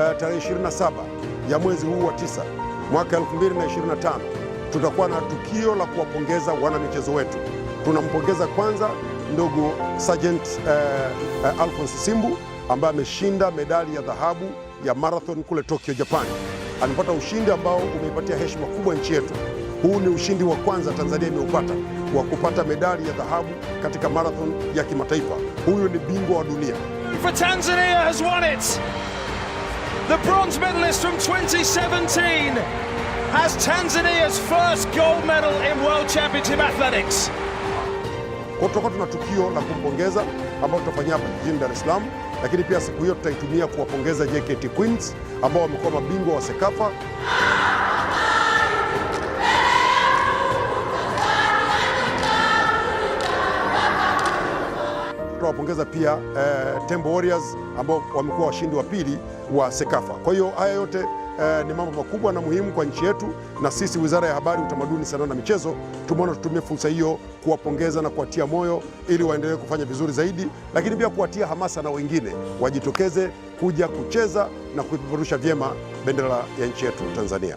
Eh, tarehe 27 ya mwezi huu wa tisa mwaka 2025 tutakuwa na tukio la kuwapongeza wanamichezo wetu. Tunampongeza kwanza ndugu Sergeant uh, uh, Alphonse Simbu ambaye ameshinda medali ya dhahabu ya marathon kule Tokyo, Japan. Amepata ushindi ambao umeipatia heshima kubwa nchi yetu. Huu ni ushindi wa kwanza Tanzania imeupata wa kupata medali ya dhahabu katika marathon ya kimataifa. Huyu ni bingwa wa dunia. For Tanzania has won it. the bronze medalist from 2017, has Tanzania's first gold medal in World Championship Athletics. Kwa tutakuwa tuna tukio la kumpongeza ambao tutafanyia hapa jijini Dar es Salaam, lakini pia siku hiyo tutaitumia kuwapongeza JKT Queens ambao wamekuwa mabingwa wa Sekafa. tunawapongeza pia eh, Tembo Warriors ambao wamekuwa washindi wa pili wa Sekafa. Kwa hiyo haya yote eh, ni mambo makubwa na muhimu kwa nchi yetu, na sisi Wizara ya Habari, Utamaduni, Sanaa na Michezo tumeona tutumie fursa hiyo kuwapongeza na kuwatia moyo ili waendelee kufanya vizuri zaidi, lakini pia kuwatia hamasa na wengine wajitokeze kuja kucheza na kuipeperusha vyema bendera ya nchi yetu Tanzania.